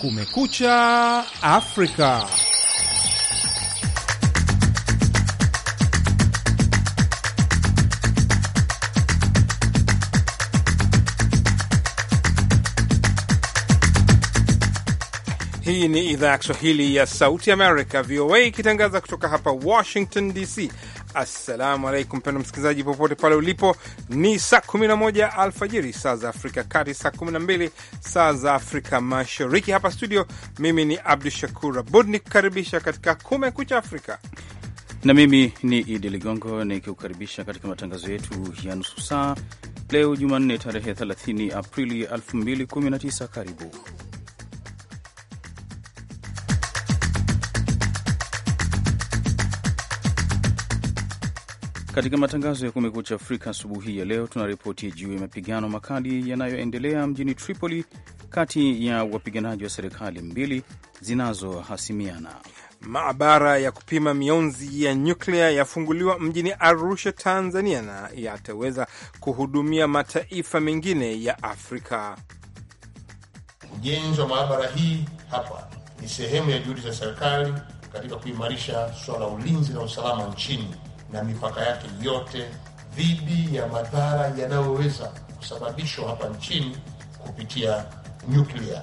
Kumekucha Afrika. Hii ni idhaa ya Kiswahili ya Sauti Amerika, VOA, ikitangaza kutoka hapa Washington DC. Assalamu alaikum mpendo msikilizaji, popote pale ulipo, ni saa 11 alfajiri saa za Afrika Kati, saa 12 saa za Afrika Mashariki. Hapa studio, mimi ni Abdu Shakur Abud ni kukaribisha katika Kumekucha Afrika na mimi ni Idi Ligongo nikikukaribisha katika matangazo yetu ya nusu saa leo Jumanne tarehe 30 Aprili 2019. Karibu Katika matangazo ya Kumekucha Afrika asubuhi ya leo, tunaripoti juu ya mapigano makali yanayoendelea mjini Tripoli kati ya wapiganaji wa serikali mbili zinazohasimiana. Maabara ya kupima mionzi ya nyuklia yafunguliwa mjini Arusha, Tanzania, na yataweza kuhudumia mataifa mengine ya Afrika. Ujenzi wa maabara hii hapa ni sehemu ya juhudi za serikali katika kuimarisha suala ulinzi na usalama nchini na mipaka yake yote dhidi ya madhara yanayoweza kusababishwa hapa nchini kupitia nyuklia.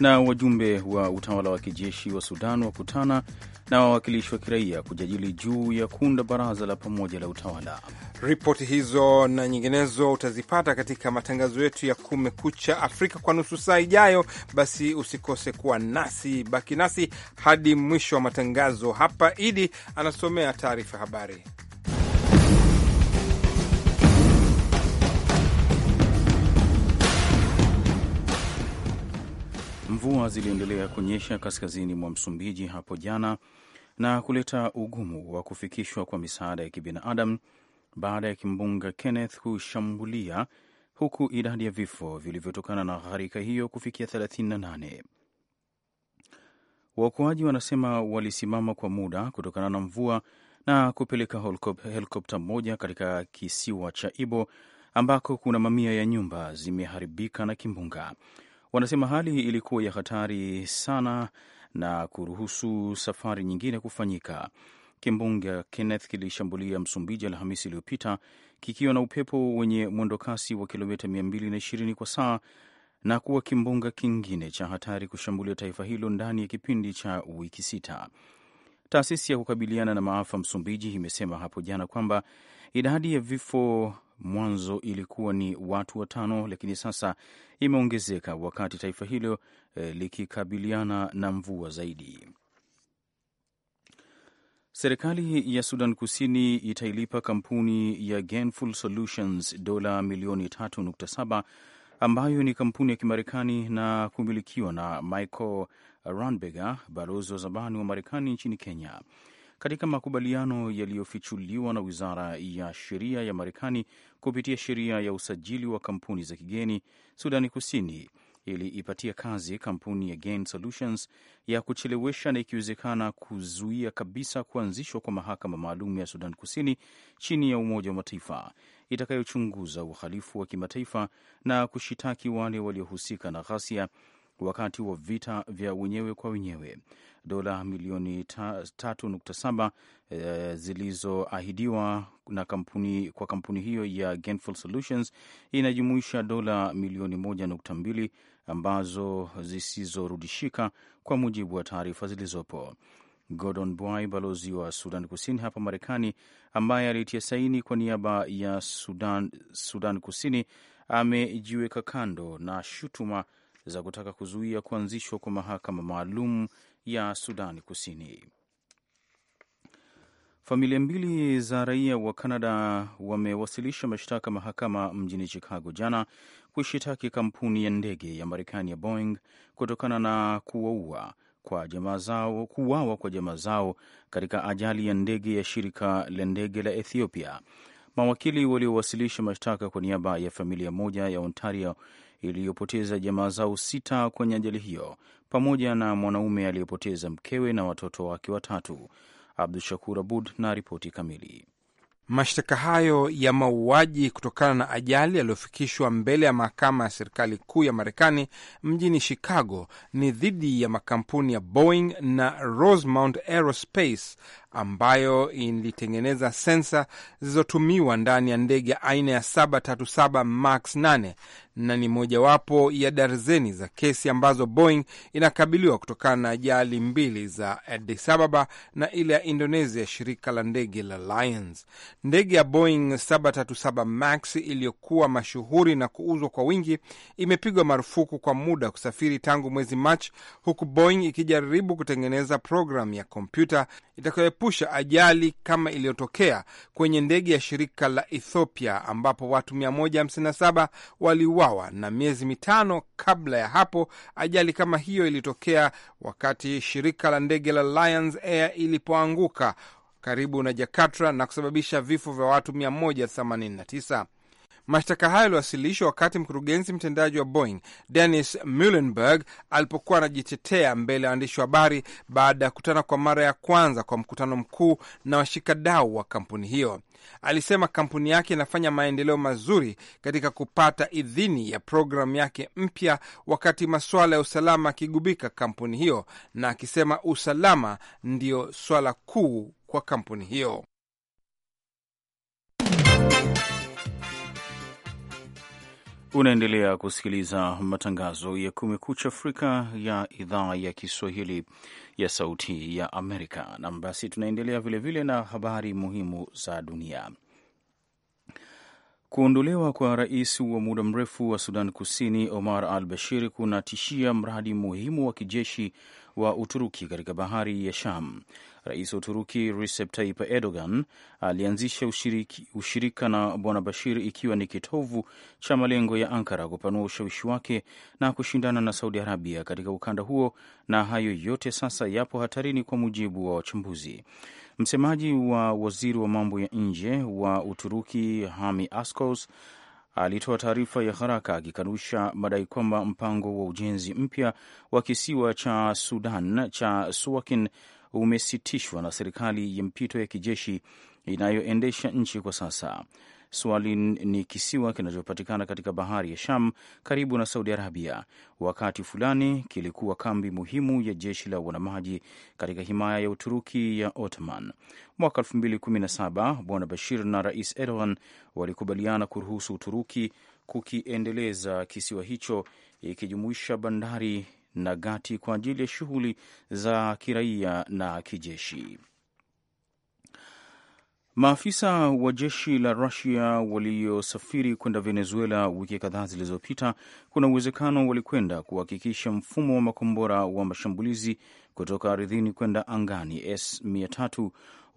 Na wajumbe wa utawala wa kijeshi wa Sudan wakutana na wawakilishi wa kiraia kujadili juu ya kuunda baraza la pamoja la utawala. Ripoti hizo na nyinginezo utazipata katika matangazo yetu ya Kumekucha Afrika kwa nusu saa ijayo. Basi usikose kuwa nasi, baki nasi hadi mwisho wa matangazo. Hapa Idi anasomea taarifa habari. Mvua ziliendelea kunyesha kaskazini mwa Msumbiji hapo jana na kuleta ugumu wa kufikishwa kwa misaada ya kibinadamu baada ya kimbunga Kenneth kushambulia, huku idadi ya vifo vilivyotokana na gharika hiyo kufikia 38. Waokoaji wanasema walisimama kwa muda kutokana na mvua na kupeleka helikopta moja katika kisiwa cha Ibo ambako kuna mamia ya nyumba zimeharibika na kimbunga. Wanasema hali ilikuwa ya hatari sana na kuruhusu safari nyingine kufanyika. Kimbunga Kenneth kilishambulia Msumbiji Alhamisi iliyopita kikiwa na upepo wenye mwendokasi wa kilomita 220 kwa saa na kuwa kimbunga kingine cha hatari kushambulia taifa hilo ndani ya kipindi cha wiki sita. Taasisi ya kukabiliana na maafa Msumbiji imesema hapo jana kwamba idadi ya vifo mwanzo ilikuwa ni watu watano, lakini sasa imeongezeka wakati taifa hilo eh, likikabiliana na mvua zaidi. Serikali ya Sudan Kusini itailipa kampuni ya Gainful Solutions dola milioni 3.7 ambayo ni kampuni ya Kimarekani na kumilikiwa na Michael Ranberger, balozi wa zamani wa Marekani nchini Kenya katika makubaliano yaliyofichuliwa na wizara ya sheria ya Marekani kupitia sheria ya usajili wa kampuni za kigeni. Sudani Kusini iliipatia kazi kampuni ya Gain Solutions ya kuchelewesha na ikiwezekana kuzuia kabisa kuanzishwa kwa mahakama maalum ya Sudan Kusini chini ya Umoja wa Mataifa itakayochunguza uhalifu wa kimataifa na kushitaki wale waliohusika na ghasia wakati wa vita vya wenyewe kwa wenyewe. Dola milioni 3.7 e, eh, zilizoahidiwa na kampuni kwa kampuni hiyo ya Solutions inajumuisha dola milioni 1.2 ambazo zisizorudishika kwa mujibu wa taarifa zilizopo. Gordon Bwy, balozi wa Sudan Kusini hapa Marekani, ambaye alitia saini kwa niaba ya Sudan, Sudan Kusini amejiweka kando na shutuma za kutaka kuzuia kuanzishwa kwa mahakama maalum ya Sudani Kusini. Familia mbili za raia wa Kanada wamewasilisha mashtaka mahakama mjini Chicago jana kuishitaki kampuni ya ndege ya Marekani ya Boeing kutokana na kuwaua kwa jamaa zao, kuuawa kwa jamaa zao katika ajali ya ndege ya shirika la ndege la Ethiopia Mawakili waliowasilisha mashtaka kwa niaba ya familia moja ya Ontario iliyopoteza jamaa zao sita kwenye ajali hiyo, pamoja na mwanaume aliyepoteza mkewe na watoto wake watatu. Abdu Shakur Abud na ripoti kamili. Mashtaka hayo ya mauaji kutokana na ajali yaliyofikishwa mbele ya mahakama ya serikali kuu ya Marekani mjini Chicago ni dhidi ya makampuni ya Boeing na Rosemount Aerospace ambayo ilitengeneza sensa zilizotumiwa ndani ya ndege aina ya 737 max 8 na ni mojawapo ya darzeni za kesi ambazo Boeing inakabiliwa kutokana na ajali mbili za Addis Ababa na ile ya Indonesia, shirika la ndege la Lions. Ndege ya Boeing 737 max iliyokuwa mashuhuri na kuuzwa kwa wingi imepigwa marufuku kwa muda kusafiri tangu mwezi Machi, huku Boeing ikijaribu kutengeneza programu ya kompyuta itakayo kuepusha ajali kama iliyotokea kwenye ndege ya shirika la Ethiopia ambapo watu 157 waliuawa, na miezi mitano kabla ya hapo ajali kama hiyo ilitokea wakati shirika la ndege la Lions Air ilipoanguka karibu na Jakarta na kusababisha vifo vya watu 189. Mashtaka hayo yaliwasilishwa wakati mkurugenzi mtendaji wa Boeing Dennis Muhlenberg alipokuwa anajitetea mbele ya waandishi wa habari baada ya kukutana kwa mara ya kwanza kwa mkutano mkuu na washikadau wa kampuni hiyo. Alisema kampuni yake inafanya maendeleo mazuri katika kupata idhini ya programu yake mpya, wakati masuala ya usalama akigubika kampuni hiyo, na akisema usalama ndiyo swala kuu kwa kampuni hiyo. Unaendelea kusikiliza matangazo ya Kumekucha Afrika ya idhaa ya Kiswahili ya Sauti ya Amerika. Na basi tunaendelea vilevile na habari muhimu za dunia. Kuondolewa kwa rais wa muda mrefu wa Sudan Kusini Omar al Bashir kunatishia mradi muhimu wa kijeshi wa Uturuki katika bahari ya Sham. Rais wa Uturuki Recep Tayyip Erdogan alianzisha ushiriki, ushirika na Bwana Bashir ikiwa ni kitovu cha malengo ya Ankara kupanua ushawishi wake na kushindana na Saudi Arabia katika ukanda huo, na hayo yote sasa yapo hatarini kwa mujibu wa wachambuzi. Msemaji wa waziri wa mambo ya nje wa Uturuki Hami ascos alitoa taarifa ya haraka akikanusha madai kwamba mpango wa ujenzi mpya wa kisiwa cha Sudan cha Suakin umesitishwa na serikali ya mpito ya kijeshi inayoendesha nchi kwa sasa. swali ni kisiwa kinachopatikana katika bahari ya Sham karibu na Saudi Arabia. Wakati fulani kilikuwa kambi muhimu ya jeshi la wanamaji katika himaya ya Uturuki ya Ottoman. Mwaka 2017 Bwana Bashir na Rais Erdogan walikubaliana kuruhusu Uturuki kukiendeleza kisiwa hicho ikijumuisha bandari na Gati kwa ajili ya shughuli za kiraia na kijeshi. Maafisa wa jeshi la Rusia waliosafiri kwenda Venezuela wiki kadhaa zilizopita, kuna uwezekano walikwenda kuhakikisha mfumo wa makombora wa mashambulizi kutoka ardhini kwenda angani S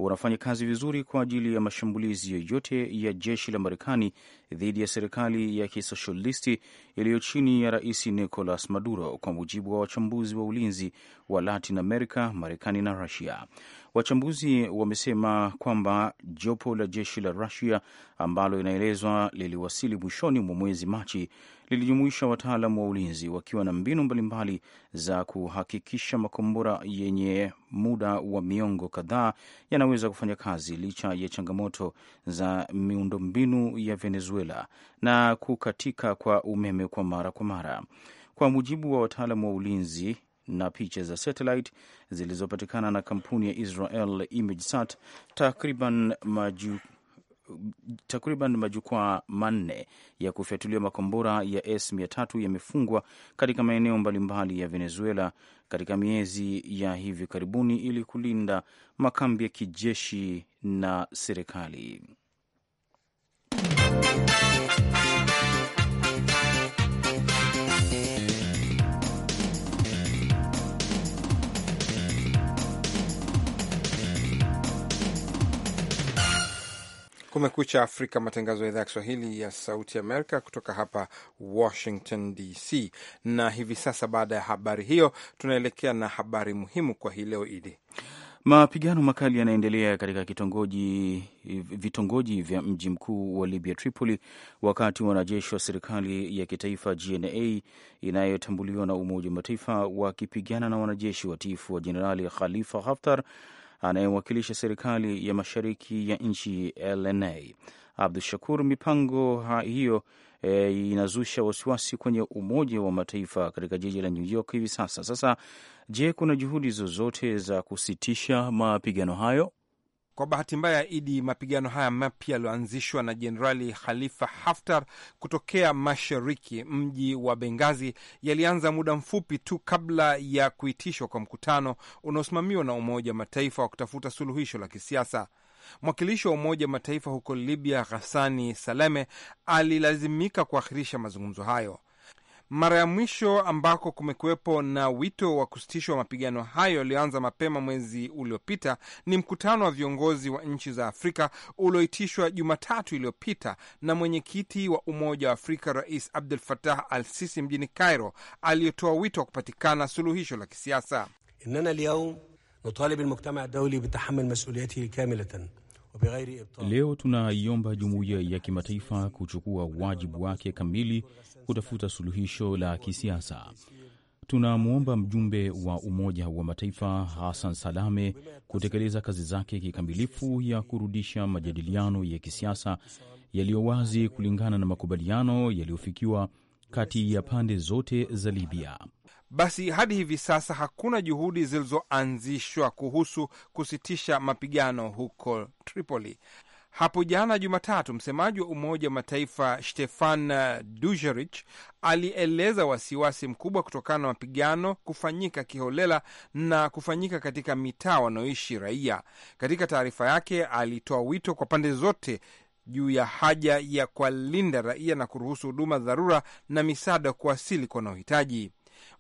unafanya kazi vizuri kwa ajili ya mashambulizi yoyote ya jeshi la Marekani dhidi ya serikali ya kisoshalisti iliyo chini ya Rais Nicolas Maduro, kwa mujibu wa wachambuzi wa ulinzi wa Latin America, Marekani na Rusia. Wachambuzi wamesema kwamba jopo la jeshi la Rusia ambalo inaelezwa liliwasili mwishoni mwa mwezi Machi lilijumuisha wataalam wa ulinzi wakiwa na mbinu mbalimbali za kuhakikisha makombora yenye muda wa miongo kadhaa yanaweza kufanya kazi licha ya changamoto za miundombinu ya Venezuela na kukatika kwa umeme kwa mara kwa mara. Kwa mujibu wa wataalam wa ulinzi na picha za satellite zilizopatikana na kampuni ya Israel ImageSat takriban maju takriban majukwaa manne ya kufyatulia makombora ya S-300 yamefungwa katika maeneo mbalimbali ya Venezuela katika miezi ya hivi karibuni ili kulinda makambi ya kijeshi na serikali. Kumekucha Afrika, matangazo ya idhaa ya Kiswahili ya Sauti Amerika kutoka hapa Washington DC. Na hivi sasa, baada ya habari hiyo, tunaelekea na habari muhimu kwa hii leo. Idi, mapigano makali yanaendelea katika kitongoji vitongoji vya mji mkuu wa Libya, Tripoli, wakati wanajeshi wa serikali ya kitaifa GNA inayotambuliwa na Umoja wa Mataifa wakipigana na wanajeshi watiifu wa Jenerali Khalifa Haftar anayewakilisha serikali ya mashariki ya nchi LNA. Abdu Shakur, mipango hiyo e, inazusha wasiwasi kwenye Umoja wa Mataifa katika jiji la New York hivi sasa. Sasa je, kuna juhudi zozote za kusitisha mapigano hayo? Kwa bahati mbaya, Idi, mapigano haya mapya yaliyoanzishwa na Jenerali Khalifa Haftar kutokea mashariki mji wa Bengazi yalianza muda mfupi tu kabla ya kuitishwa kwa mkutano unaosimamiwa na Umoja wa Mataifa wa kutafuta suluhisho la kisiasa. Mwakilishi wa Umoja wa Mataifa huko Libya, Ghassani Saleme, alilazimika kuahirisha mazungumzo hayo mara ya mwisho ambako kumekuwepo na wito wa kusitishwa mapigano hayo yaliyoanza mapema mwezi uliopita ni mkutano wa viongozi wa nchi za Afrika ulioitishwa Jumatatu iliyopita na mwenyekiti wa Umoja wa Afrika Rais Abdel Fattah al Sisi mjini Cairo, aliyetoa wito wa kupatikana suluhisho la kisiasa. innana alyawm nutalib almujtama adawli bitahamul masuliyatihi kamilatan Leo tunaiomba jumuiya ya kimataifa kuchukua wajibu wake kamili kutafuta suluhisho la kisiasa. Tunamwomba mjumbe wa Umoja wa Mataifa Hassan Salame kutekeleza kazi zake kikamilifu ya kurudisha majadiliano ya kisiasa yaliyo wazi kulingana na makubaliano yaliyofikiwa kati ya pande zote za Libya. Basi hadi hivi sasa hakuna juhudi zilizoanzishwa kuhusu kusitisha mapigano huko Tripoli. Hapo jana Jumatatu, msemaji wa Umoja wa Mataifa Stefan Dujerich alieleza wasiwasi mkubwa kutokana na mapigano kufanyika kiholela na kufanyika katika mitaa wanaoishi raia. Katika taarifa yake, alitoa wito kwa pande zote juu ya haja ya kuwalinda raia na kuruhusu huduma dharura na misaada kuwasili kwa wanaohitaji.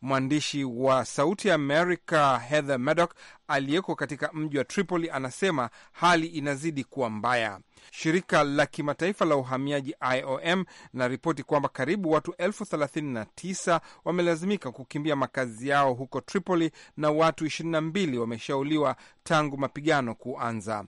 Mwandishi wa Sauti ya Amerika Heather Maddock aliyeko katika mji wa Tripoli anasema hali inazidi kuwa mbaya. Shirika la kimataifa la uhamiaji IOM linaripoti kwamba karibu watu elfu thelathini na tisa wamelazimika kukimbia makazi yao huko Tripoli na watu 22 wameshauliwa tangu mapigano kuanza.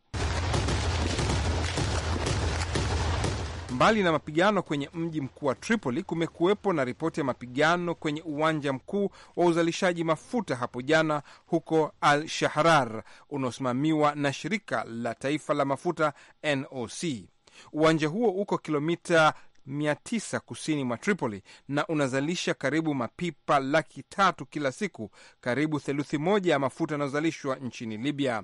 Mbali na mapigano kwenye mji mkuu wa Tripoli, kumekuwepo na ripoti ya mapigano kwenye uwanja mkuu wa uzalishaji mafuta hapo jana huko Al Shahrar unaosimamiwa na shirika la taifa la mafuta NOC. Uwanja huo uko kilomita 900 kusini mwa Tripoli na unazalisha karibu mapipa laki tatu kila siku, karibu theluthi moja ya mafuta yanayozalishwa nchini Libya.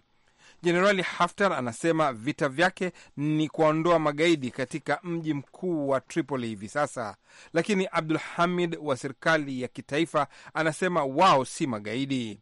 Jenerali Haftar anasema vita vyake ni kuwaondoa magaidi katika mji mkuu wa Tripoli hivi sasa, lakini Abdul Hamid wa serikali ya kitaifa anasema wao si magaidi.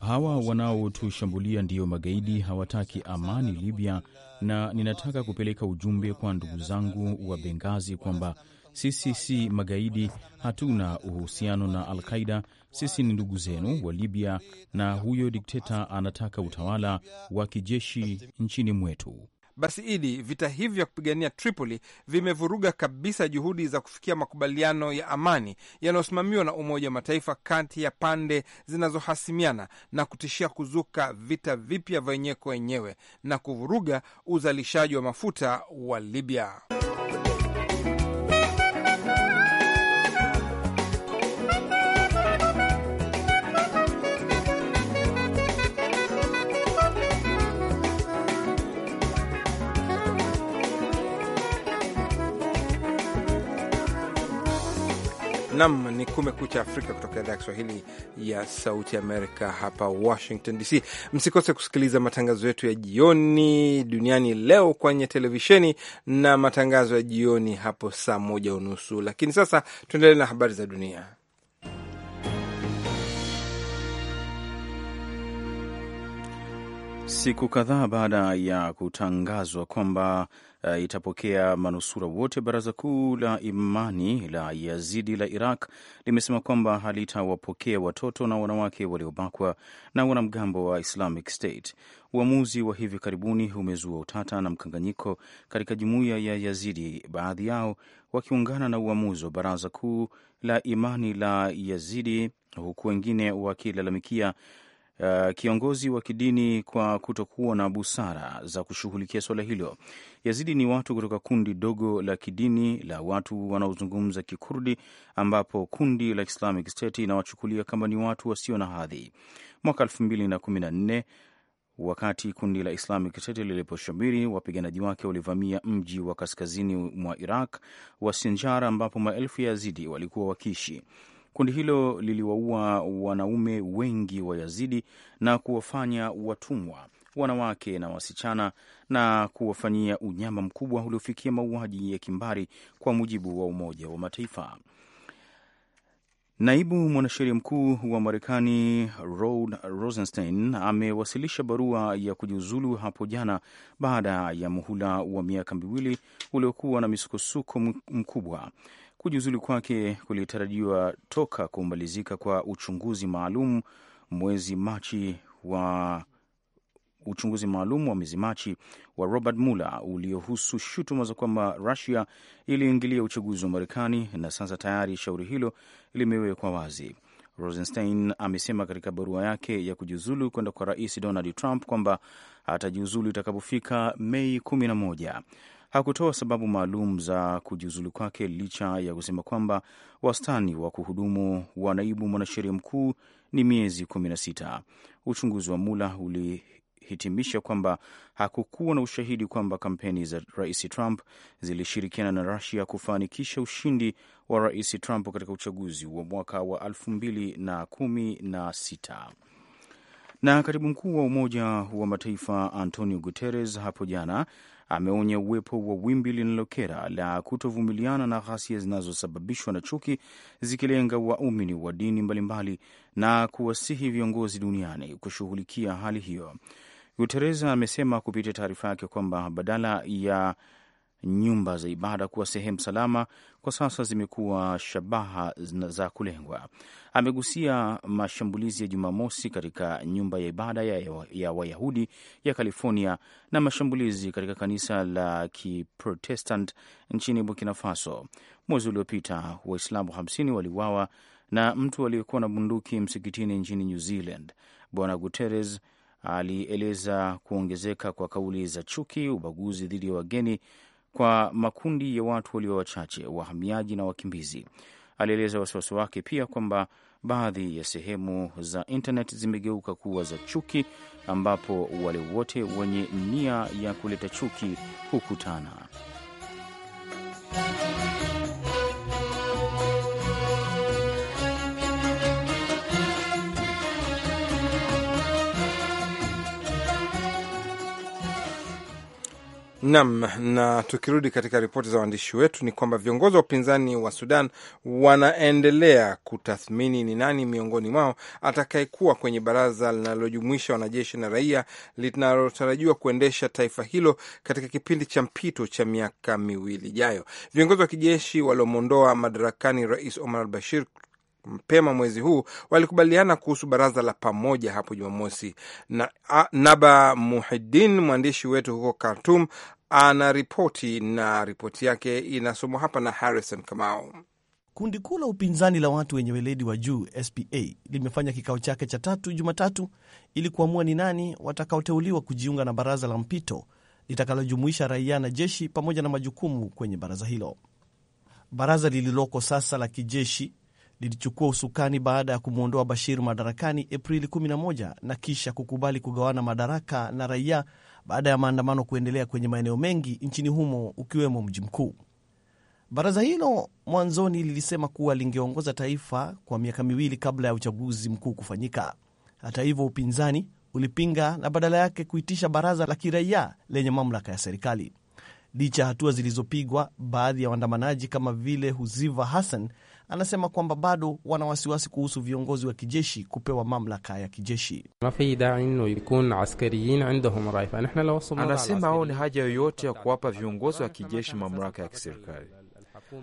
Hawa wanaotushambulia ndiyo magaidi, hawataki amani Libya, na ninataka kupeleka ujumbe kwa ndugu zangu wa Bengazi kwamba sisi si magaidi, hatuna uhusiano na Alqaida sisi ni ndugu zenu wa Libya, na huyo dikteta anataka utawala wa kijeshi nchini mwetu. Basi Idi, vita hivi vya kupigania Tripoli vimevuruga kabisa juhudi za kufikia makubaliano ya amani yanayosimamiwa na Umoja wa Mataifa kati ya pande zinazohasimiana na kutishia kuzuka vita vipya vya wenyewe kwa wenyewe na kuvuruga uzalishaji wa mafuta wa Libya. Nam ni Kumekucha Afrika kutoka idhaa ya Kiswahili ya Sauti Amerika hapa Washington DC. Msikose kusikiliza matangazo yetu ya jioni duniani leo kwenye televisheni na matangazo ya jioni hapo saa moja unusu, lakini sasa tuendelee na habari za dunia. Siku kadhaa baada ya kutangazwa kwamba uh, itapokea manusura wote, baraza kuu la imani la Yazidi la Iraq limesema kwamba halitawapokea watoto na wanawake waliobakwa na wanamgambo wa Islamic State. Uamuzi wa hivi karibuni umezua utata na mkanganyiko katika jumuiya ya Yazidi, baadhi yao wakiungana na uamuzi wa baraza kuu la imani la Yazidi, huku wengine wakilalamikia uh, kiongozi wa kidini kwa kutokuwa na busara za kushughulikia suala hilo. Yazidi ni watu kutoka kundi dogo la kidini la watu wanaozungumza Kikurdi, ambapo kundi la Islamic State inawachukulia kama ni watu wasio na hadhi. Mwaka 2014 wakati kundi la Islamic State liliposhamiri, wapiganaji wake walivamia mji wa kaskazini mwa Iraq wa Sinjar, ambapo maelfu ya Yazidi walikuwa wakiishi. Kundi hilo liliwaua wanaume wengi wa Yazidi na kuwafanya watumwa wanawake na wasichana na kuwafanyia unyama mkubwa uliofikia mauaji ya kimbari, kwa mujibu wa Umoja wa Mataifa. Naibu mwanasheria mkuu wa Marekani Rod Rosenstein amewasilisha barua ya kujiuzulu hapo jana baada ya muhula wa miaka miwili uliokuwa na misukosuko mkubwa. Kujiuzulu kwake kulitarajiwa toka kumalizika kwa uchunguzi maalum mwezi Machi wa uchunguzi maalum wa mwezi Machi wa Robert Mueller uliohusu shutuma za kwamba Rusia iliingilia uchaguzi wa Marekani, na sasa tayari shauri hilo limewekwa wazi. Rosenstein amesema katika barua yake ya kujiuzulu kwenda kwa Rais Donald Trump kwamba atajiuzulu itakapofika Mei kumi na moja hakutoa sababu maalum za kujiuzulu kwake licha ya kusema kwamba wastani wa kuhudumu wa naibu mwanasheria mkuu ni miezi 16. Uchunguzi wa Mula ulihitimisha kwamba hakukuwa na ushahidi kwamba kampeni za Rais Trump zilishirikiana na rasia kufanikisha ushindi wa Rais Trump katika uchaguzi wa mwaka wa 2016 na katibu mkuu wa Umoja wa Mataifa Antonio Guterres hapo jana ameonya uwepo wa wimbi linalokera la kutovumiliana na ghasia zinazosababishwa na chuki zikilenga waumini wa dini mbalimbali na kuwasihi viongozi duniani kushughulikia hali hiyo. Guterres amesema kupitia taarifa yake kwamba badala ya nyumba za ibada kuwa sehemu salama, kwa sasa zimekuwa shabaha za kulengwa amegusia mashambulizi ya Jumamosi katika nyumba ya ibada ya, ya Wayahudi ya California na mashambulizi katika kanisa la Kiprotestant nchini Burkina Faso. Mwezi uliopita Waislamu 50 waliuawa na mtu aliyekuwa na bunduki msikitini nchini New Zealand. Bwana Guterres alieleza kuongezeka kwa kauli za chuki, ubaguzi dhidi ya wageni kwa makundi ya watu walio wachache, wahamiaji na wakimbizi. Alieleza wasiwasi wake pia kwamba baadhi ya sehemu za intnet zimegeuka kuwa za chuki, ambapo wale wote wenye nia ya kuleta chuki hukutana. Nam, na tukirudi katika ripoti za waandishi wetu ni kwamba viongozi wa upinzani wa Sudan wanaendelea kutathmini ni nani miongoni mwao atakayekuwa kwenye baraza linalojumuisha wanajeshi na raia linalotarajiwa kuendesha taifa hilo katika kipindi cha mpito cha miaka miwili ijayo. Viongozi wa kijeshi waliomwondoa madarakani Rais Omar al Bashir mapema mwezi huu walikubaliana kuhusu baraza la pamoja hapo Jumamosi. Na Naba Muhiddin, mwandishi wetu huko Khartum, anaripoti na ripoti yake inasomwa hapa na Harrison Kamau. Kundi kuu la upinzani la watu wenye weledi wa juu SPA limefanya kikao chake cha tatu Jumatatu ili kuamua ni nani watakaoteuliwa kujiunga na baraza la mpito litakalojumuisha raia na jeshi pamoja na majukumu kwenye baraza hilo. Baraza lililoko sasa la kijeshi lilichukua usukani baada ya kumwondoa Bashir madarakani Aprili 11 na kisha kukubali kugawana madaraka na raia baada ya maandamano kuendelea kwenye maeneo mengi nchini humo ukiwemo mji mkuu. Baraza hilo mwanzoni lilisema kuwa lingeongoza taifa kwa miaka miwili kabla ya uchaguzi mkuu kufanyika. Hata hivyo, upinzani ulipinga na badala yake kuitisha baraza la kiraia lenye mamlaka ya serikali. Licha ya hatua zilizopigwa, baadhi ya waandamanaji kama vile Huziva Hassan anasema kwamba bado wana wasiwasi kuhusu viongozi wa kijeshi kupewa mamlaka ya kijeshi. Anasema aone ni haja yoyote ya kuwapa viongozi wa kijeshi mamlaka ya kiserikali.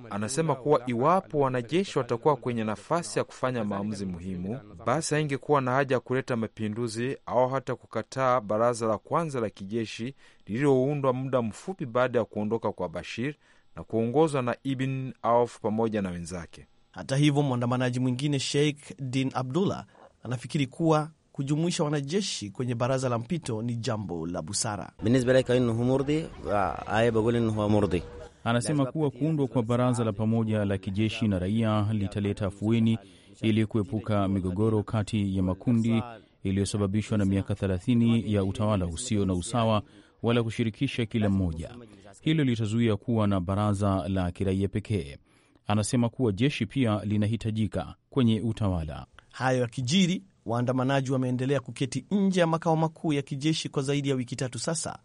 Anasema kuwa iwapo wanajeshi watakuwa kwenye nafasi ya kufanya maamuzi muhimu, basi haingekuwa na haja ya kuleta mapinduzi au hata kukataa baraza la kwanza la kijeshi lililoundwa muda mfupi baada ya kuondoka kwa Bashir na kuongozwa na Ibn Auf pamoja na wenzake. Hata hivyo, mwandamanaji mwingine Sheikh Din Abdullah anafikiri kuwa kujumuisha wanajeshi kwenye baraza la mpito ni jambo la busara. Anasema kuwa kuundwa kwa baraza la pamoja la kijeshi na raia litaleta afueni ili kuepuka migogoro kati ya makundi iliyosababishwa na miaka 30 ya utawala usio na usawa wala kushirikisha kila mmoja. Hilo litazuia kuwa na baraza la kiraia pekee. Anasema kuwa jeshi pia linahitajika kwenye utawala. Hayo yakijiri, waandamanaji wameendelea kuketi nje ya makao makuu ya kijeshi kwa zaidi ya wiki tatu sasa.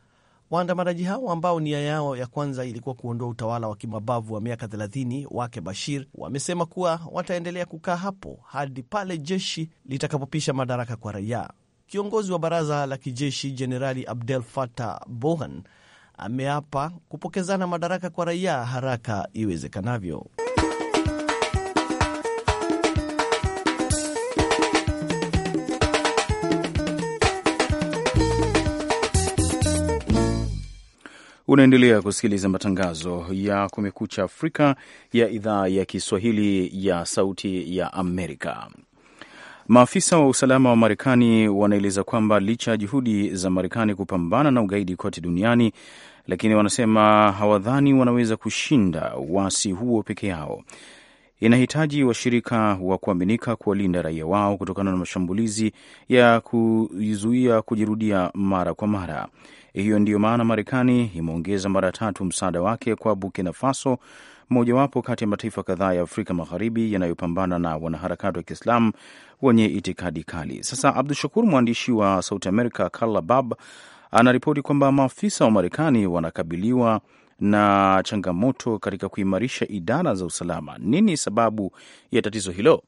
Waandamanaji hao ambao nia yao ya kwanza ilikuwa kuondoa utawala wa kimabavu wa miaka 30 wake Bashir wamesema kuwa wataendelea kukaa hapo hadi pale jeshi litakapopisha madaraka kwa raia. Kiongozi wa baraza la kijeshi Jenerali Abdel Fattah Bohan ameapa kupokezana madaraka kwa raia haraka iwezekanavyo. Unaendelea kusikiliza matangazo ya Kumekucha Afrika ya idhaa ya Kiswahili ya Sauti ya Amerika. Maafisa wa usalama wa Marekani wanaeleza kwamba licha ya juhudi za Marekani kupambana na ugaidi kote duniani, lakini wanasema hawadhani wanaweza kushinda uasi huo peke yao. Inahitaji washirika wa, kuaminika kuwalinda raia wao kutokana na mashambulizi ya kuizuia kujirudia mara kwa mara. Hiyo ndiyo maana Marekani imeongeza mara tatu msaada wake kwa Burkina Faso mojawapo kati ya mataifa kadhaa ya Afrika Magharibi yanayopambana na wanaharakati wa Kiislamu wenye itikadi kali. Sasa Abdu Shakur, mwandishi wa Sauti america Carla Bab anaripoti kwamba maafisa wa Marekani wanakabiliwa na changamoto katika kuimarisha idara za usalama. Nini sababu ya tatizo hilo?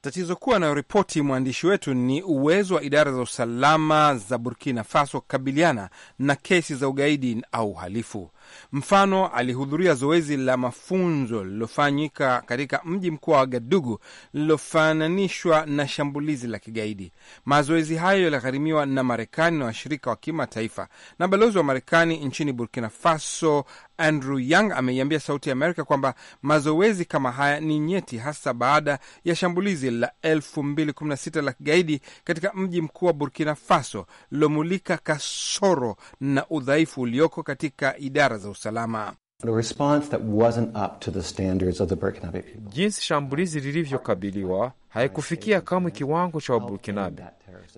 Tatizo kuu anayoripoti mwandishi wetu ni uwezo wa idara za usalama za Burkina Faso kukabiliana na kesi za ugaidi au uhalifu. Mfano, alihudhuria zoezi la mafunzo lililofanyika katika mji mkuu wa Wagadugu lililofananishwa na shambulizi la kigaidi. Mazoezi hayo yaligharimiwa na Marekani na washirika wa kimataifa. Na balozi wa Marekani nchini Burkina Faso Andrew Young ameiambia Sauti ya Amerika kwamba mazoezi kama haya ni nyeti, hasa baada ya shambulizi la 2016 la kigaidi katika mji mkuu wa Burkina Faso lilomulika kasoro na udhaifu ulioko katika idara idara za usalama. Jinsi shambulizi lilivyokabiliwa haikufikia kamwe kiwango cha Waburkinabe.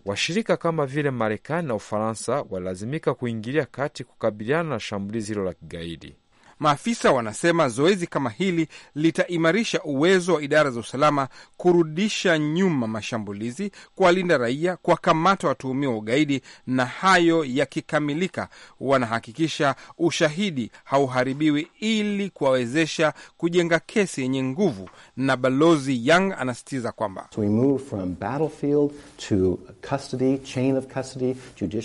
Washirika kama vile Marekani na Ufaransa walilazimika kuingilia kati kukabiliana na shambulizi hilo la kigaidi. Maafisa wanasema zoezi kama hili litaimarisha uwezo wa idara za usalama kurudisha nyuma mashambulizi, kuwalinda raia, kuwakamata watuhumiwa wa ugaidi, na hayo yakikamilika, wanahakikisha ushahidi hauharibiwi ili kuwawezesha kujenga kesi yenye nguvu. Na balozi Young anasisitiza kwamba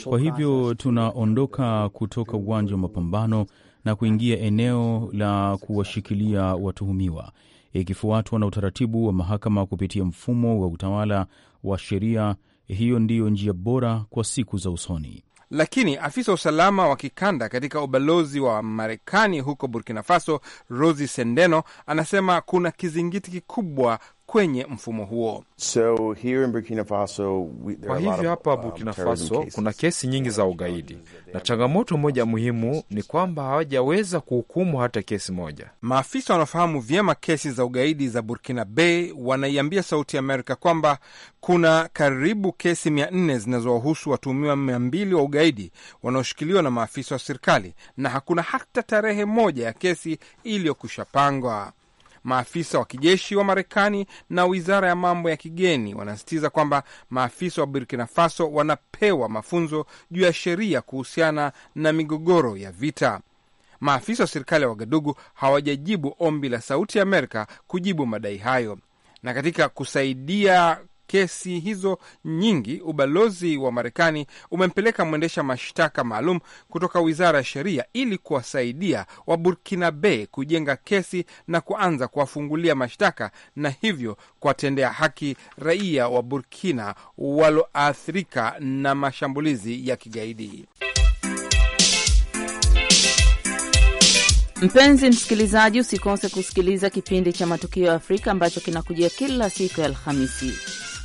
kwa hivyo tunaondoka kutoka uwanja wa mapambano na kuingia eneo la kuwashikilia watuhumiwa, ikifuatwa na utaratibu wa mahakama kupitia mfumo wa utawala wa sheria. Hiyo ndiyo njia bora kwa siku za usoni. Lakini afisa wa usalama wa kikanda katika ubalozi wa Marekani huko Burkina Faso, Rosi Sendeno, anasema kuna kizingiti kikubwa kwenye mfumo huo. So here in Burkina Faso, we, there kwa hivyo hapa um, Burkina Faso um, kuna kesi nyingi za ugaidi um, na changamoto moja muhimu ni kwamba hawajaweza kuhukumu hata kesi moja. Maafisa wanaofahamu vyema kesi za ugaidi za burkina Burkinabe wanaiambia Sauti ya Amerika kwamba kuna karibu kesi mia nne zinazowahusu watuhumiwa mia mbili wa ugaidi wanaoshikiliwa na maafisa wa serikali na hakuna hata tarehe moja ya kesi iliyokushapangwa pangwa. Maafisa wa kijeshi wa Marekani na wizara ya mambo ya kigeni wanasisitiza kwamba maafisa wa Burkina Faso wanapewa mafunzo juu ya sheria kuhusiana na migogoro ya vita. Maafisa wa serikali ya Wagadugu hawajajibu ombi la Sauti ya Amerika kujibu madai hayo na katika kusaidia kesi hizo nyingi, ubalozi wa Marekani umempeleka mwendesha mashtaka maalum kutoka wizara ya sheria ili kuwasaidia wa Waburkinabe kujenga kesi na kuanza kuwafungulia mashtaka na hivyo kuwatendea haki raia wa Burkina walioathirika na mashambulizi ya kigaidi. Mpenzi msikilizaji, usikose kusikiliza kipindi cha Matukio ya Afrika ambacho kinakujia kila siku ya Alhamisi.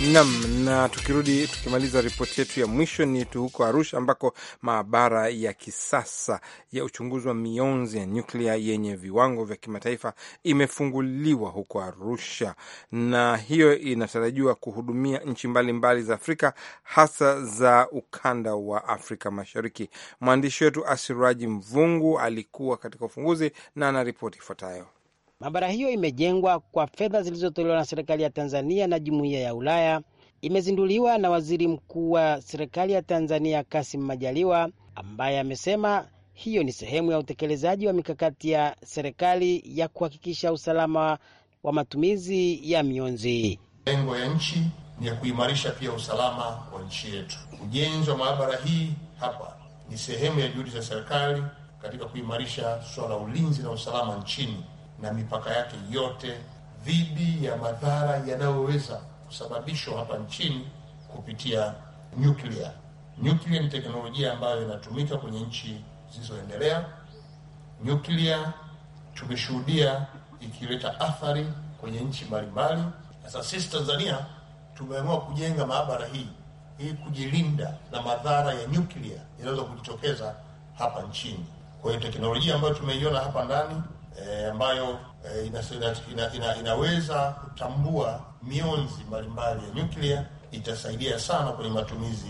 Nam na tukirudi, tukimaliza ripoti yetu ya mwisho ni tu huko Arusha ambako maabara ya kisasa ya uchunguzi wa mionzi ya nyuklia yenye viwango vya kimataifa imefunguliwa huko Arusha, na hiyo inatarajiwa kuhudumia nchi mbalimbali za Afrika, hasa za ukanda wa Afrika Mashariki. Mwandishi wetu Asiraji Mvungu alikuwa katika ufunguzi na ana ripoti ifuatayo. Maabara hiyo imejengwa kwa fedha zilizotolewa na serikali ya Tanzania na jumuiya ya Ulaya. Imezinduliwa na waziri mkuu wa serikali ya Tanzania Kasim Majaliwa, ambaye amesema hiyo ni sehemu ya utekelezaji wa mikakati ya serikali ya kuhakikisha usalama wa matumizi ya mionzi. Lengo ya nchi ni ya kuimarisha pia usalama wa nchi yetu. Ujenzi wa maabara hii hapa ni sehemu ya juhudi za serikali katika kuimarisha suala ulinzi na usalama nchini na mipaka yake yote dhidi ya madhara yanayoweza kusababishwa hapa nchini kupitia nyuklia. Nyuklia ni teknolojia ambayo inatumika kwenye nchi zilizoendelea. Nyuklia tumeshuhudia ikileta athari kwenye nchi mbalimbali. Sasa sisi Tanzania tumeamua kujenga maabara hii ili kujilinda na madhara ya nyuklia yanaweza kujitokeza hapa nchini. Kwa hiyo teknolojia ambayo tumeiona hapa ndani e, ambayo e, ina, ina, ina, inaweza kutambua mionzi mbalimbali ya nyuklia itasaidia sana kwenye matumizi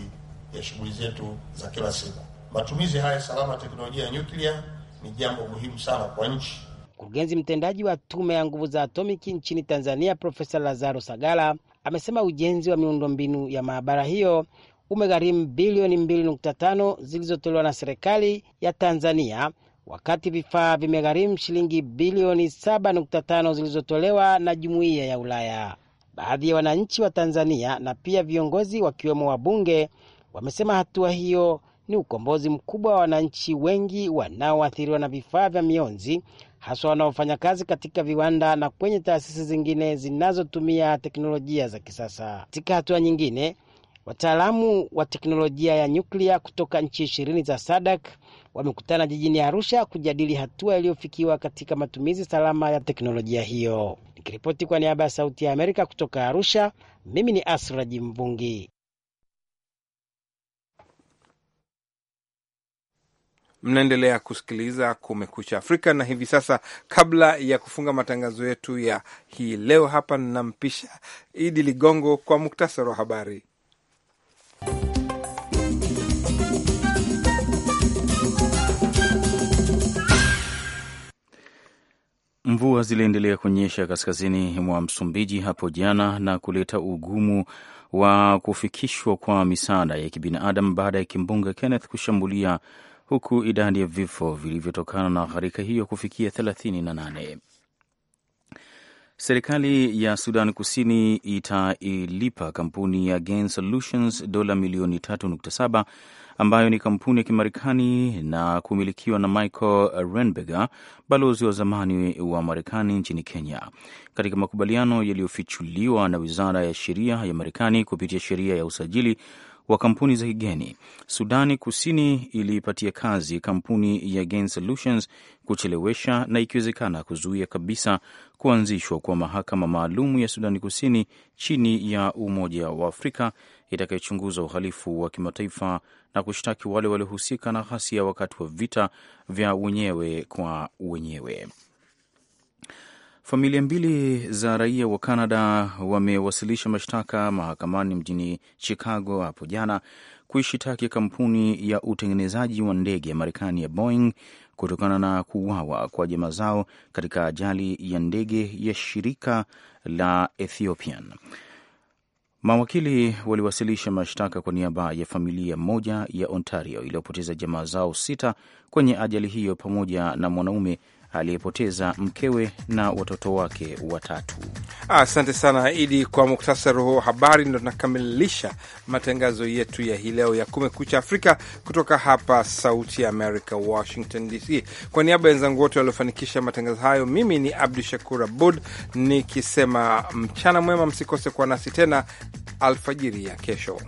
ya shughuli zetu za kila siku. Matumizi haya salama ya teknolojia ya nyuklia ni jambo muhimu sana kwa nchi. Mkurugenzi mtendaji wa Tume ya Nguvu za Atomiki nchini Tanzania, Profesa Lazaro Sagala amesema ujenzi wa miundombinu ya maabara hiyo umegharimu bilioni 2.5 zilizotolewa na serikali ya Tanzania wakati vifaa vimegharimu shilingi bilioni 7.5 zilizotolewa na jumuiya ya Ulaya. Baadhi ya wananchi wa Tanzania na pia viongozi wakiwemo wabunge wamesema hatua hiyo ni ukombozi mkubwa wa wananchi wengi wanaoathiriwa na vifaa vya mionzi, haswa wanaofanya kazi katika viwanda na kwenye taasisi zingine zinazotumia teknolojia za kisasa. Katika hatua nyingine, Wataalamu wa teknolojia ya nyuklia kutoka nchi ishirini za sadak wamekutana jijini Arusha kujadili hatua iliyofikiwa katika matumizi salama ya teknolojia hiyo. Nikiripoti kwa niaba ya Sauti ya Amerika kutoka Arusha, mimi ni Asraji Mvungi. Mnaendelea kusikiliza Kumekucha Afrika na hivi sasa, kabla ya kufunga matangazo yetu ya hii leo hapa, nampisha Idi Ligongo kwa muktasari wa habari. Mvua ziliendelea kunyesha kaskazini mwa Msumbiji hapo jana na kuleta ugumu wa kufikishwa kwa misaada ya kibinadamu baada ya kimbunga Kenneth kushambulia huku idadi ya vifo vilivyotokana na gharika hiyo kufikia 38. Serikali ya Sudan Kusini itailipa kampuni ya Gain Solutions dola milioni 3.7 ambayo ni kampuni ya Kimarekani na kumilikiwa na Michael Renberger, balozi wa zamani wa Marekani nchini Kenya. Katika makubaliano yaliyofichuliwa na wizara ya sheria ya Marekani kupitia sheria ya usajili wa kampuni za kigeni. Sudani Kusini iliipatia kazi kampuni ya Gain Solutions kuchelewesha na ikiwezekana kuzuia kabisa kuanzishwa kwa mahakama maalum ya Sudani Kusini chini ya Umoja wa Afrika itakayochunguza uhalifu wa kimataifa na kushtaki wale waliohusika na ghasia wakati wa vita vya wenyewe kwa wenyewe. Familia mbili za raia wa canada wamewasilisha mashtaka mahakamani mjini Chicago hapo jana kuishitaki kampuni ya utengenezaji wa ndege ya Marekani ya Boeing kutokana na kuuawa kwa jamaa zao katika ajali ya ndege ya shirika la Ethiopian. Mawakili waliwasilisha mashtaka kwa niaba ya familia moja ya Ontario iliyopoteza jamaa zao sita kwenye ajali hiyo pamoja na mwanaume aliyepoteza mkewe na watoto wake watatu. Asante sana Idi kwa muktasari wa habari. Ndo tunakamilisha matangazo yetu ya hii leo ya Kumekucha Afrika kutoka hapa Sauti ya America, Washington DC. Kwa niaba ya wenzangu wote waliofanikisha matangazo hayo, mimi ni Abdu Shakur Abud nikisema mchana mwema, msikose kuwa nasi tena alfajiri ya kesho.